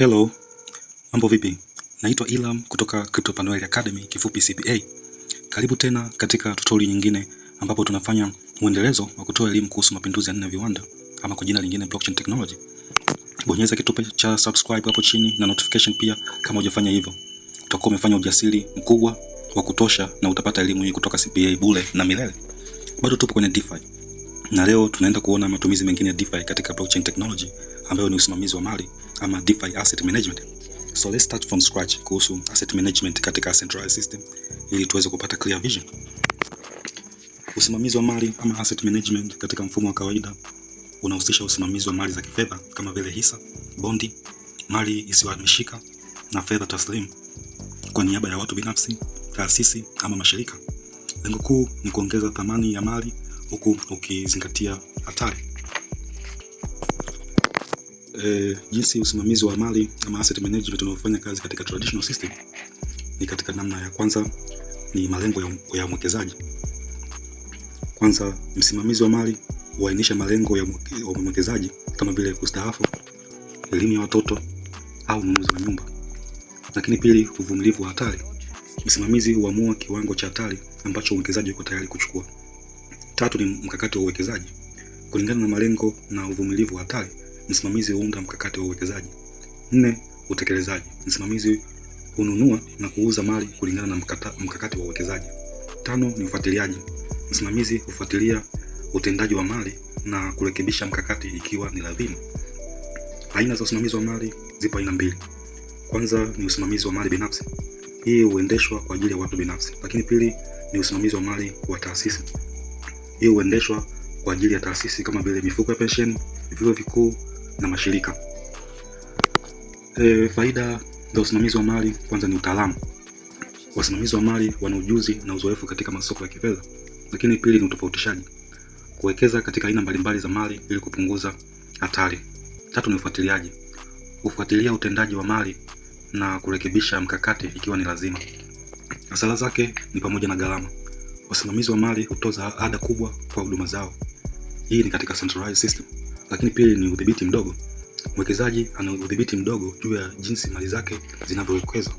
Hello, mambo vipi? Naitwa Ilam kutoka Crypto Panueli Academy kifupi CPA. Karibu tena katika tutorial nyingine ambapo tunafanya mwendelezo wa kutoa elimu kuhusu mapinduzi ya nne ya viwanda ama kwa jina lingine blockchain technology. Bonyeza kitufe cha subscribe hapo chini na notification pia kama hujafanya hivyo. Utakuwa umefanya ujasiri mkubwa wa kutosha na utapata elimu hii kutoka CPA bure na milele. Bado tupo kwenye DeFi. Na leo tunaenda kuona matumizi mengine ya DeFi katika blockchain technology ambayo ni usimamizi wa mali ama DeFi asset management. So let's start from scratch kuhusu asset management katika centralized system ili tuweze kupata clear vision. Usimamizi wa mali ama asset management katika mfumo wa kawaida unahusisha usimamizi wa mali za kifedha kama vile hisa, bondi, mali isiyohamishika na fedha taslimu kwa niaba ya watu binafsi, taasisi ama mashirika. Lengo kuu ni kuongeza thamani ya mali huku ukizingatia hatari eh, jinsi usimamizi wa mali ama asset management unaofanya kazi katika traditional system ni katika namna ya kwanza, ni malengo ya mwekezaji. Kwanza, msimamizi wa mali huainisha malengo ya mwekezaji kama vile kustaafu, elimu ya watoto au ununuzi wa nyumba. Lakini pili, uvumilivu wa hatari. Msimamizi huamua kiwango cha hatari ambacho mwekezaji yuko tayari kuchukua. Tatu, ni mkakati wa uwekezaji kulingana na malengo na uvumilivu wa hatari msimamizi huunda mkakati wa uwekezaji. Nne, utekelezaji. Msimamizi hununua na kuuza mali kulingana na mkata, mkakati wa uwekezaji. Tano, ni ufuatiliaji. Msimamizi hufuatilia utendaji wa mali na kurekebisha mkakati ikiwa ni lazima. Aina za usimamizi wa mali zipo aina mbili. Kwanza ni usimamizi wa mali binafsi. Hii huendeshwa kwa ajili ya watu binafsi. Lakini pili ni usimamizi wa mali wa taasisi. Hii huendeshwa kwa ajili ya taasisi kama vile mifuko ya pensheni, vyuo vikuu na mashirika. E, faida za usimamizi wa mali kwanza ni utaalamu. Wasimamizi wa mali wana ujuzi na uzoefu katika masoko ya kifedha. Lakini pili ni utofautishaji, kuwekeza katika aina mbalimbali za mali ili kupunguza hatari. Tatu ni ufuatiliaji, kufuatilia utendaji wa mali na kurekebisha mkakati ikiwa ni lazima. Hasara zake ni pamoja na gharama. Wasimamizi wa mali hutoza ada kubwa kwa huduma zao. Hii ni katika centralized system lakini pili ni udhibiti mdogo. Mwekezaji ana udhibiti mdogo juu ya jinsi mali zake zinavyowekezwa.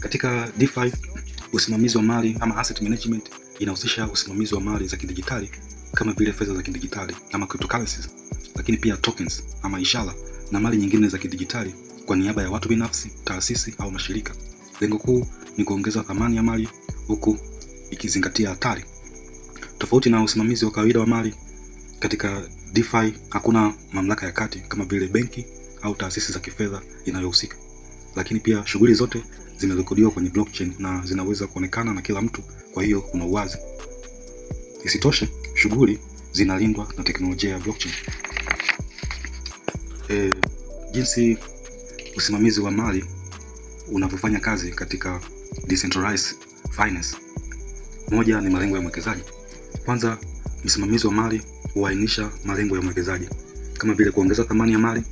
Katika DeFi, usimamizi wa mali ama asset management inahusisha usimamizi wa mali za kidijitali kama vile fedha za kidijitali ama cryptocurrencies, lakini pia tokens ama ishara na mali nyingine za kidijitali kwa niaba ya watu binafsi, taasisi au mashirika. Lengo kuu ni kuongeza thamani ya mali huku ikizingatia hatari. Tofauti na usimamizi wa kawaida wa mali katika DeFi hakuna mamlaka ya kati kama vile benki au taasisi za kifedha inayohusika, lakini pia shughuli zote zimerekodiwa kwenye blockchain na zinaweza kuonekana na kila mtu, kwa hiyo kuna uwazi. Isitoshe, shughuli zinalindwa na teknolojia ya blockchain. E, jinsi usimamizi wa mali unavyofanya kazi katika decentralized finance. Moja ni malengo ya mwekezaji. Kwanza, msimamizi wa mali kuainisha malengo ya mwekezaji kama vile kuongeza thamani ya mali,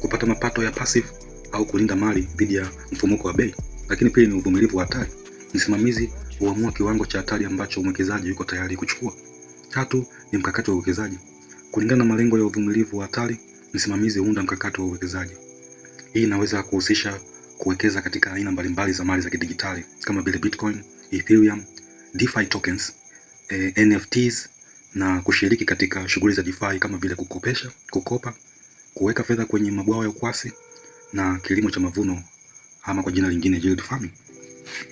kupata mapato ya passive au kulinda mali dhidi ya mfumuko wa bei. Lakini pia ni uvumilivu wa hatari. Msimamizi huamua kiwango cha hatari ambacho mwekezaji yuko tayari kuchukua. Tatu ni mkakati wa uwekezaji. Kulingana na malengo ya uvumilivu wa hatari, msimamizi huunda mkakati wa uwekezaji. Hii inaweza kuhusisha kuwekeza katika aina mbalimbali za mali za kidijitali kama vile Bitcoin, Ethereum, DeFi tokens, eh, NFTs na kushiriki katika shughuli za DeFi kama vile kukopesha, kukopa, kuweka fedha kwenye mabwawa ya ukwasi na kilimo cha mavuno ama kwa jina lingine yield farming.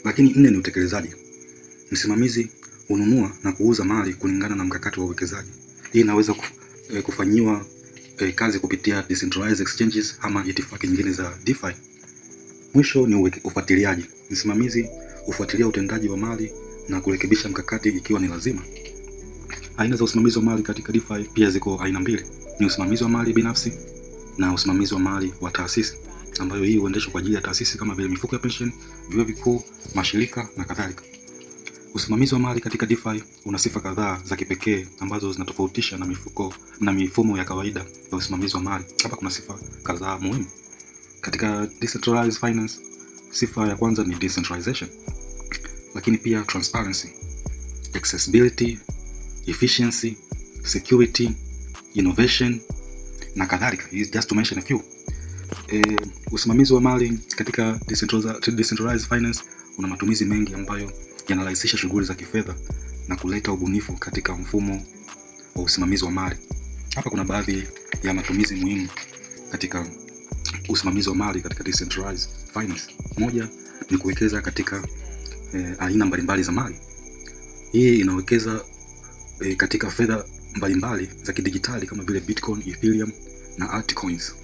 Lakini nne ni utekelezaji. Msimamizi hununua na kuuza mali kulingana na mkakati wa uwekezaji. Hii inaweza eh, kufanyiwa eh, kazi kupitia decentralized exchanges ama itifaki nyingine za DeFi. Mwisho ni ufuatiliaji. Msimamizi hufuatilia utendaji wa mali na kurekebisha mkakati ikiwa ni lazima. Aina za usimamizi wa mali katika DeFi pia ziko aina mbili, ni usimamizi wa mali binafsi na usimamizi wa mali wa taasisi, ambayo hii huendeshwa kwa ajili ya taasisi kama vile mifuko ya pension, vyuo vikuu, mashirika na kadhalika. Usimamizi wa mali katika DeFi una sifa kadhaa za kipekee ambazo zinatofautisha na mifuko na mifumo ya kawaida ya usimamizi wa mali. Hapa kuna sifa kadhaa muhimu katika decentralized finance. Sifa ya kwanza ni decentralization, lakini pia transparency, accessibility efficiency, security, innovation na kadhalika, just to mention a few. E, usimamizi wa mali katika decentralized, decentralized finance una matumizi mengi ambayo yanarahisisha shughuli za kifedha na kuleta ubunifu katika mfumo wa usimamizi wa mali. Hapa kuna baadhi ya matumizi muhimu katika usimamizi wa mali katika decentralized finance. Moja ni kuwekeza katika eh, aina mbalimbali za mali. Hii inawekeza e, katika fedha mbalimbali za kidijitali kama vile Bitcoin, Ethereum na altcoins.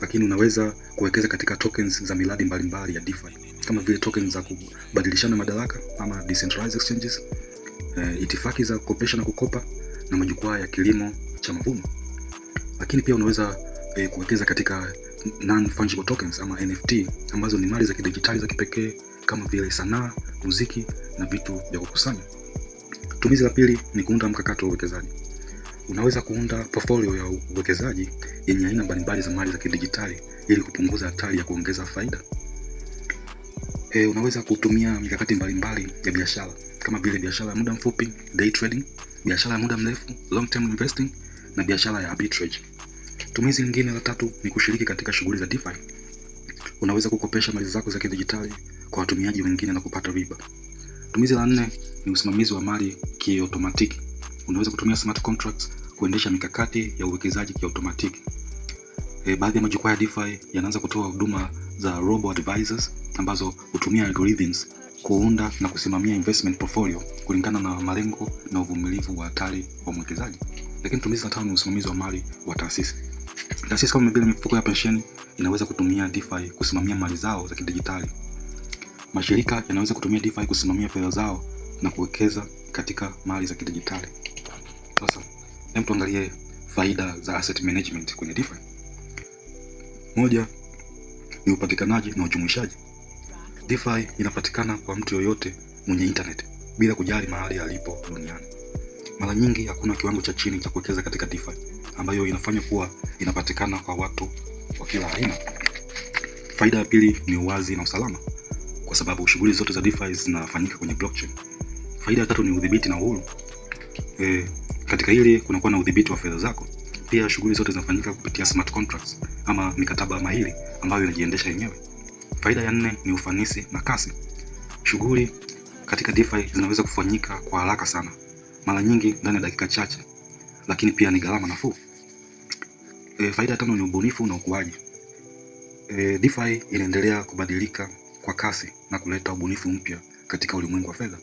Lakini unaweza kuwekeza katika tokens za miradi mbalimbali ya DeFi kama vile tokens za kubadilishana madaraka ama decentralized exchanges, e, itifaki za kukopesha na kukopa na majukwaa ya kilimo cha mavuno. Lakini pia unaweza e, kuwekeza katika non-fungible tokens ama NFT ambazo ni mali za kidijitali za kipekee kama vile sanaa, muziki na vitu vya kukusanya. Tumizi la pili ni kuunda mkakati wa uwekezaji. Unaweza kuunda portfolio ya uwekezaji yenye aina mbalimbali za mali za kidijitali ili kupunguza hatari ya kuongeza faida. E, unaweza kutumia mikakati mbalimbali ya biashara kama vile biashara ya muda mfupi, day trading, biashara ya muda mrefu, long term investing na biashara ya arbitrage. Tumizi lingine la tatu ni kushiriki katika shughuli za DeFi. Unaweza kukopesha mali zako za kidijitali kwa watumiaji wengine na kupata riba. Tumizi la nne ni usimamizi wa mali kiautomatiki Unaweza kutumia smart contracts kuendesha mikakati ya uwekezaji kiautomatiki E, eh, baadhi ya majukwaa ya DeFi yanaanza kutoa huduma za robo advisors ambazo hutumia algorithms kuunda na kusimamia investment portfolio kulingana na malengo na uvumilivu wa hatari wa mwekezaji. Lakini tumizi la tano ni usimamizi wa mali wa taasisi. Taasisi kama vile mifuko ya pensheni inaweza kutumia DeFi kusimamia mali zao za kidijitali. Mashirika yanaweza kutumia DeFi kusimamia fedha zao na kuwekeza katika mali za kidijitali. Sasa hebu tuangalie faida za asset management kwenye DeFi. Moja ni upatikanaji na ujumuishaji. DeFi inapatikana kwa mtu yoyote mwenye internet bila kujali mahali alipo duniani. Mara nyingi hakuna kiwango cha chini cha kuwekeza katika DeFi ambayo inafanya kuwa inapatikana kwa watu wa kila aina. Faida ya pili ni uwazi na usalama, kwa sababu shughuli zote za DeFi zinafanyika kwenye blockchain. Faida ya tatu ni udhibiti na uhuru. E, katika hili kunakuwa na udhibiti wa fedha zako. Pia shughuli zote zinafanyika kupitia smart contracts ama mikataba mahiri ambayo inajiendesha yenyewe. Faida ya nne ni ufanisi na kasi. Shughuli katika DeFi zinaweza kufanyika kwa haraka sana, mara nyingi ndani ya dakika chache, lakini pia ni gharama nafuu. E, faida ya tano ni ubunifu na ukuaji. E, DeFi inaendelea kubadilika kwa kasi na kuleta ubunifu mpya katika ulimwengu wa fedha.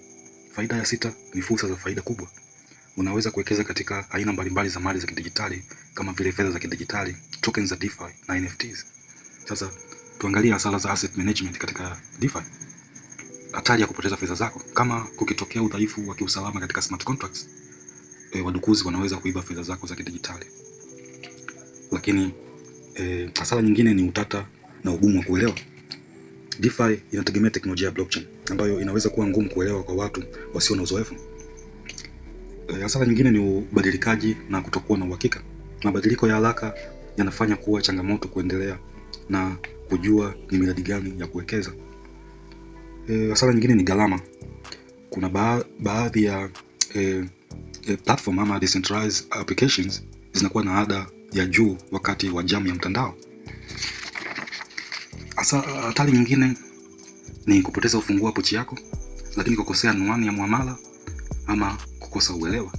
Faida ya sita ni fursa za faida kubwa. Unaweza kuwekeza katika aina mbalimbali za mali za kidijitali kama vile fedha za kidijitali, tokens za DeFi na NFTs. Sasa tuangalie hasara za asset management katika DeFi. Hatari ya kupoteza fedha zako kama kukitokea udhaifu wa kiusalama katika smart contracts, e, wadukuzi wanaweza kuiba fedha zako za kidijitali. Lakini eh, hasara nyingine ni utata na ugumu wa kuelewa. DeFi inategemea teknolojia ya blockchain ambayo inaweza kuwa ngumu kuelewa kwa watu wasio na uzoefu. Eh, hasara nyingine ni ubadilikaji na kutokuwa na uhakika. Mabadiliko ya haraka yanafanya kuwa changamoto kuendelea na kujua ni miradi gani ya kuwekeza. Eh, hasara e, nyingine ni gharama. Kuna ba baadhi ya e, e, platform ama decentralized applications zinakuwa na ada ya juu wakati wa jamu ya mtandao. Hasa eh, hatari nyingine ni kupoteza ufunguo wa pochi yako, lakini kukosea anwani ya muamala ama kukosa uelewa.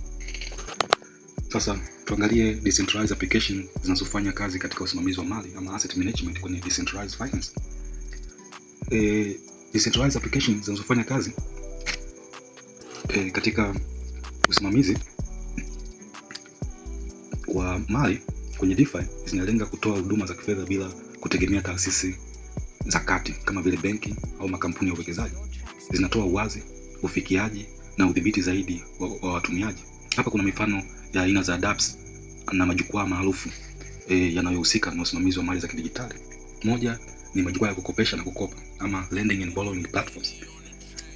Sasa tuangalie decentralized application zinazofanya kazi katika usimamizi wa mali ama asset management kwenye decentralized finance. E, decentralized application zinazofanya kazi e, katika usimamizi wa mali kwenye DeFi zinalenga kutoa huduma za kifedha bila kutegemea taasisi za kati kama vile benki au makampuni ya uwekezaji zinatoa uwazi, ufikiaji na udhibiti zaidi wa, wa watumiaji. Hapa kuna mifano ya aina za dApps na majukwaa maarufu e, yanayohusika na usimamizi wa mali za kidijitali. Moja ni majukwaa ya kukopesha na kukopa ama lending and borrowing platforms.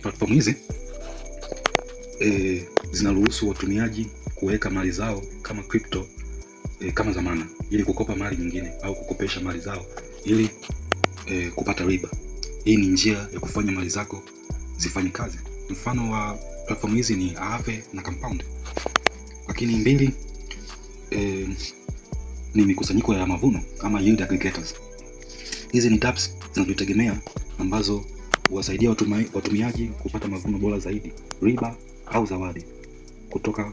Platform hizi e, zinaruhusu watumiaji kuweka mali zao kama crypto e, kama zamana ili kukopa mali nyingine au kukopesha mali zao ili e, kupata riba. Hii ni njia ya kufanya mali zako zifanye kazi. Mfano wa platform hizi ni Aave na Compound. Lakini mbili e, ni mikusanyiko ya mavuno ama yield aggregators. Hizi ni dApps zinazotegemea ambazo huwasaidia watumiaji kupata mavuno bora zaidi, riba au zawadi kutoka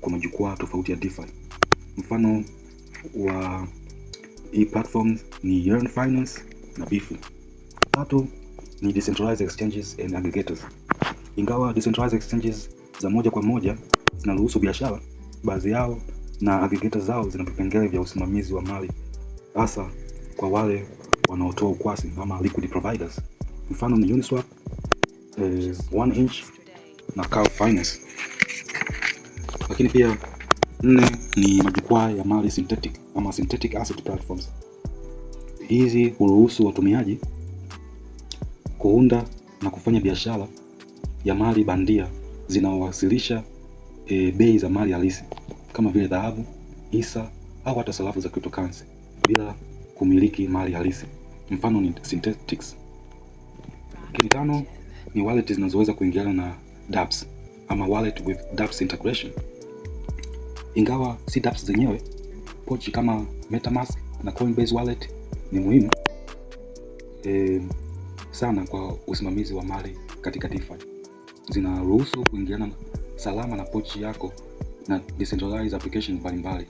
kwa majukwaa tofauti ya DeFi. Mfano wa hii platform ni Yearn Finance na bifu. Tatu ni decentralized exchanges and aggregators. Ingawa decentralized exchanges za moja kwa moja zinaruhusu biashara, baadhi yao na aggregators zao zina vipengele vya usimamizi wa mali, hasa kwa wale wanaotoa ukwasi ama liquid providers. Mfano ni Uniswap, eh, one inch na Cal Finance. Lakini pia nne ni majukwaa ya mali synthetic ama synthetic asset platforms. Hizi huruhusu watumiaji kuunda na kufanya biashara ya mali bandia zinaowasilisha e, bei za mali halisi kama vile dhahabu, isa au hata sarafu za cryptocurrency bila kumiliki mali halisi. Mfano ni synthetics. Lakini ni wallet zinazoweza kuingiliana na dApps ama wallet with dApps integration. Ingawa si dApps zenyewe, pochi kama MetaMask na Coinbase wallet ni muhimu e, sana kwa usimamizi wa mali katika DeFi. Zinaruhusu kuingiliana salama na pochi yako na decentralized application mbalimbali,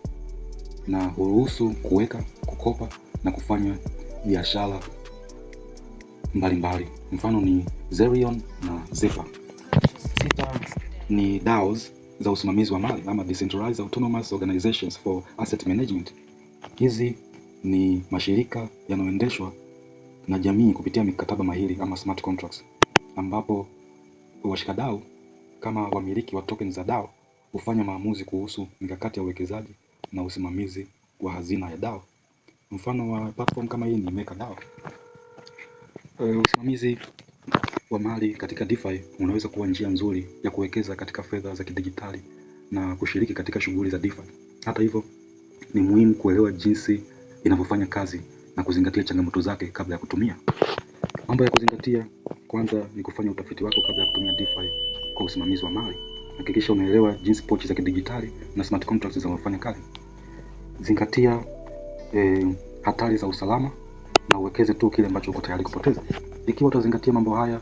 na huruhusu kuweka, kukopa na kufanya biashara mbalimbali. Mfano ni Zerion na Zephyr. Sita ni DAOs za usimamizi wa mali ama decentralized autonomous organizations for asset management. Hizi ni mashirika yanayoendeshwa na jamii kupitia mikataba mahiri ama smart contracts, ambapo washikadau kama wamiliki wa tokens za DAO hufanya maamuzi kuhusu mikakati ya uwekezaji na usimamizi wa hazina ya DAO. Mfano wa platform kama hii ni MakerDAO. E, eh, usimamizi wa mali katika DeFi unaweza kuwa njia nzuri ya kuwekeza katika fedha za kidijitali na kushiriki katika shughuli za DeFi. Hata hivyo, ni muhimu kuelewa jinsi inavyofanya kazi na kuzingatia changamoto zake kabla ya kutumia. Mambo ya kuzingatia kwanza ni kufanya utafiti wako kabla ya kutumia DeFi kwa usimamizi wa mali. Hakikisha unaelewa jinsi pochi za kidijitali na smart contracts zinavyofanya kazi. Zingatia eh, hatari za usalama na uwekeze tu kile ambacho uko tayari kupoteza. Ikiwa utazingatia mambo haya,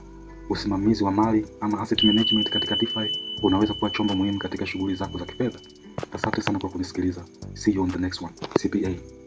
usimamizi wa mali ama asset management katika DeFi unaweza kuwa chombo muhimu katika shughuli zako za kifedha. Asante sana kwa kunisikiliza. See you on the next one. CPA.